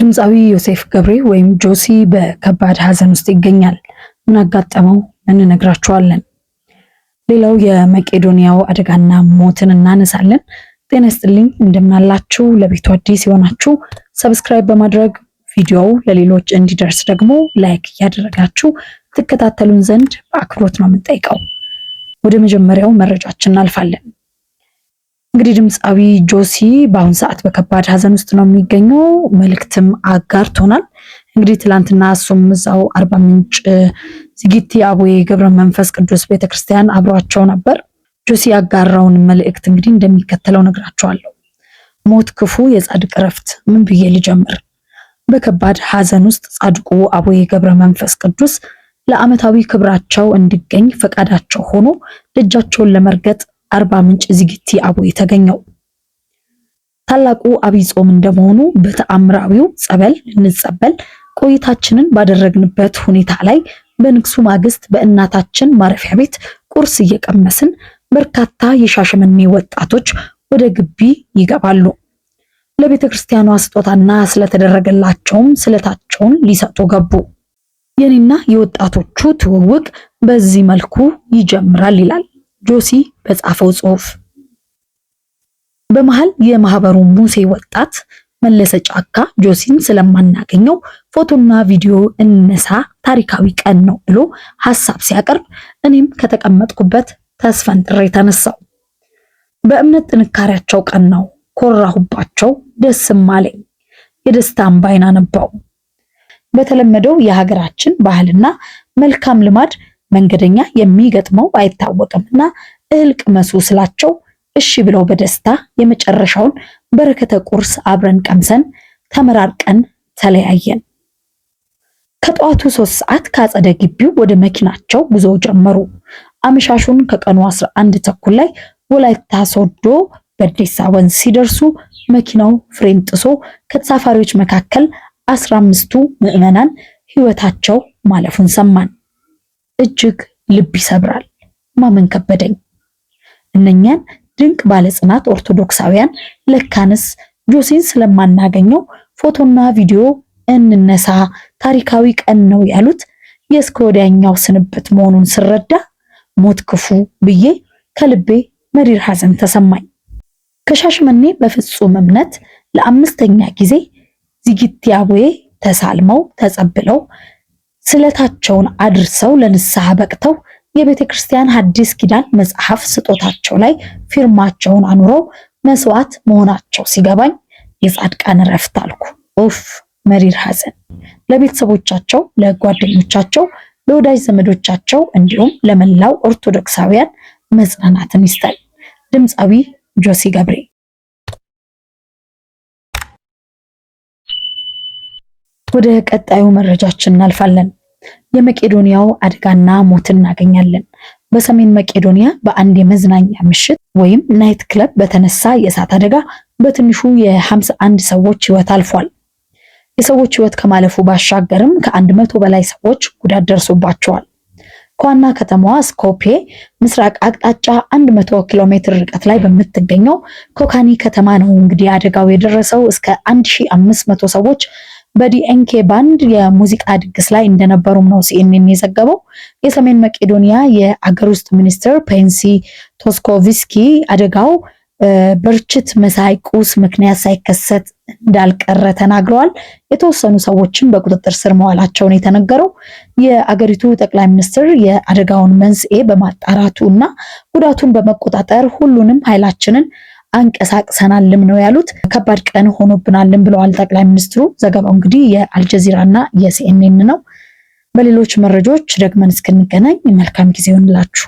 ድምፃዊ ዮሴፍ ገብሬ ወይም ጆሲ በከባድ ሐዘን ውስጥ ይገኛል። ምን አጋጠመው እንነግራችኋለን። ሌላው የመቄዶንያው አደጋና ሞትን እናነሳለን። ጤና ይስጥልኝ፣ እንደምናላችሁ። ለቤቱ አዲስ የሆናችሁ ሰብስክራይብ በማድረግ ቪዲዮው ለሌሎች እንዲደርስ ደግሞ ላይክ እያደረጋችሁ ትከታተሉን ዘንድ በአክብሮት ነው የምንጠይቀው። ወደ መጀመሪያው መረጃችን እናልፋለን። እንግዲህ ድምፃዊ ጆሲ በአሁን ሰዓት በከባድ ሀዘን ውስጥ ነው የሚገኘው። መልእክትም አጋርቶናል። እንግዲህ ትላንትና እሱም እዛው አርባ ምንጭ ዝጊቲ አቡዬ ገብረ መንፈስ ቅዱስ ቤተክርስቲያን አብሯቸው ነበር። ጆሲ ያጋራውን መልእክት እንግዲህ እንደሚከተለው ነግራቸዋለሁ። ሞት ክፉ፣ የጻድቅ እረፍት። ምን ብዬ ልጀምር? በከባድ ሀዘን ውስጥ ጻድቁ አቡዬ ገብረ መንፈስ ቅዱስ ለዓመታዊ ክብራቸው እንዲገኝ ፈቃዳቸው ሆኖ ልጃቸውን ለመርገጥ አርባ ምንጭ ዝግቲ አቦ የተገኘው። ታላቁ አብይ ጾም እንደመሆኑ በተአምራዊው ጸበል ልንጸበል ቆይታችንን ባደረግንበት ሁኔታ ላይ በንግሱ ማግስት በእናታችን ማረፊያ ቤት ቁርስ እየቀመስን በርካታ የሻሸመኔ ወጣቶች ወደ ግቢ ይገባሉ። ለቤተ ክርስቲያኗ ስጦታና ስለተደረገላቸውም ስለታቸውን ሊሰጡ ገቡ። የኔና የወጣቶቹ ትውውቅ በዚህ መልኩ ይጀምራል ይላል ጆሲ በጻፈው ጽሁፍ በመሃል የማህበሩ ሙሴ ወጣት መለሰ ጫካ ጆሲን ስለማናገኘው ፎቶና ቪዲዮ እነሳ ታሪካዊ ቀን ነው ብሎ ሀሳብ ሲያቀርብ እኔም ከተቀመጥኩበት ተስፈንጥሬ ተነሳው። በእምነት ጥንካሬያቸው ቀን ነው ኮራሁባቸው፣ ደስም አለኝ። የደስታ እምባዬን አነባው። በተለመደው የሀገራችን ባህልና መልካም ልማድ መንገደኛ የሚገጥመው አይታወቅም እና እህል ቅመሱ ስላቸው እሺ ብለው በደስታ የመጨረሻውን በረከተ ቁርስ አብረን ቀምሰን ተመራርቀን ተለያየን። ከጠዋቱ ሶስት ሰዓት ከአጸደ ግቢው ወደ መኪናቸው ጉዞ ጀመሩ። አመሻሹን ከቀኑ 11 ተኩል ላይ ወላይታ ሶዶ በዴሳ ወንዝ ሲደርሱ መኪናው ፍሬን ጥሶ ከተሳፋሪዎች መካከል 15ቱ ምዕመናን ሕይወታቸው ማለፉን ሰማን። እጅግ ልብ ይሰብራል፣ ማመን ከበደኝ። እነኛን ድንቅ ባለጽናት ኦርቶዶክሳውያን ለካንስ ጆሴን ስለማናገኘው ፎቶና ቪዲዮ እንነሳ ታሪካዊ ቀን ነው ያሉት የእስከ ወዲያኛው ስንብት መሆኑን ስረዳ ሞት ክፉ ብዬ ከልቤ መሪር ሐዘን ተሰማኝ። ከሻሽመኔ በፍጹም እምነት ለአምስተኛ ጊዜ ዚጊት ያቡዬ ተሳልመው ተጸብለው ስለታቸውን አድርሰው ለንስሐ በቅተው የቤተ ክርስቲያን ሐዲስ ኪዳን መጽሐፍ ስጦታቸው ላይ ፊርማቸውን አኑረው መስዋዕት መሆናቸው ሲገባኝ የጻድቃን እረፍት አልኩ። ኡፍ መሪር ሐዘን። ለቤተሰቦቻቸው፣ ለጓደኞቻቸው፣ ለወዳጅ ዘመዶቻቸው እንዲሁም ለመላው ኦርቶዶክሳውያን መጽናናትን ይስጠል። ድምፃዊ ጆሲ ገብሬ ወደ ቀጣዩ መረጃችን እናልፋለን። የመቄዶንያው አደጋና ሞት እናገኛለን። በሰሜን መቄዶንያ በአንድ የመዝናኛ ምሽት ወይም ናይት ክለብ በተነሳ የእሳት አደጋ በትንሹ የ51 ሰዎች ህይወት አልፏል። የሰዎች ህይወት ከማለፉ ባሻገርም ከአንድ መቶ በላይ ሰዎች ጉዳት ደርሶባቸዋል። ከዋና ከተማዋ ስኮፔ ምስራቅ አቅጣጫ 100 ኪሎ ሜትር ርቀት ላይ በምትገኘው ኮካኒ ከተማ ነው እንግዲህ አደጋው የደረሰው። እስከ 1500 ሰዎች በዲኤንኬ ባንድ የሙዚቃ ድግስ ላይ እንደነበሩም ነው ሲኤንኤን የዘገበው። የሰሜን መቄዶንያ የአገር ውስጥ ሚኒስትር ፔንሲ ቶስኮቪስኪ አደጋው በርችት መሳይ ቁስ ምክንያት ሳይከሰት እንዳልቀረ ተናግረዋል። የተወሰኑ ሰዎችም በቁጥጥር ስር መዋላቸውን የተነገረው የአገሪቱ ጠቅላይ ሚኒስትር የአደጋውን መንስኤ በማጣራቱ እና ጉዳቱን በመቆጣጠር ሁሉንም ኃይላችንን አንቀሳቅሰናልም ነው ያሉት። ከባድ ቀን ሆኖብናልም ብለዋል ጠቅላይ ሚኒስትሩ። ዘገባው እንግዲህ የአልጀዚራ እና የሲኤንኤን ነው። በሌሎች መረጃዎች ደግመን እስክንገናኝ መልካም ጊዜ ይሆንላችሁ።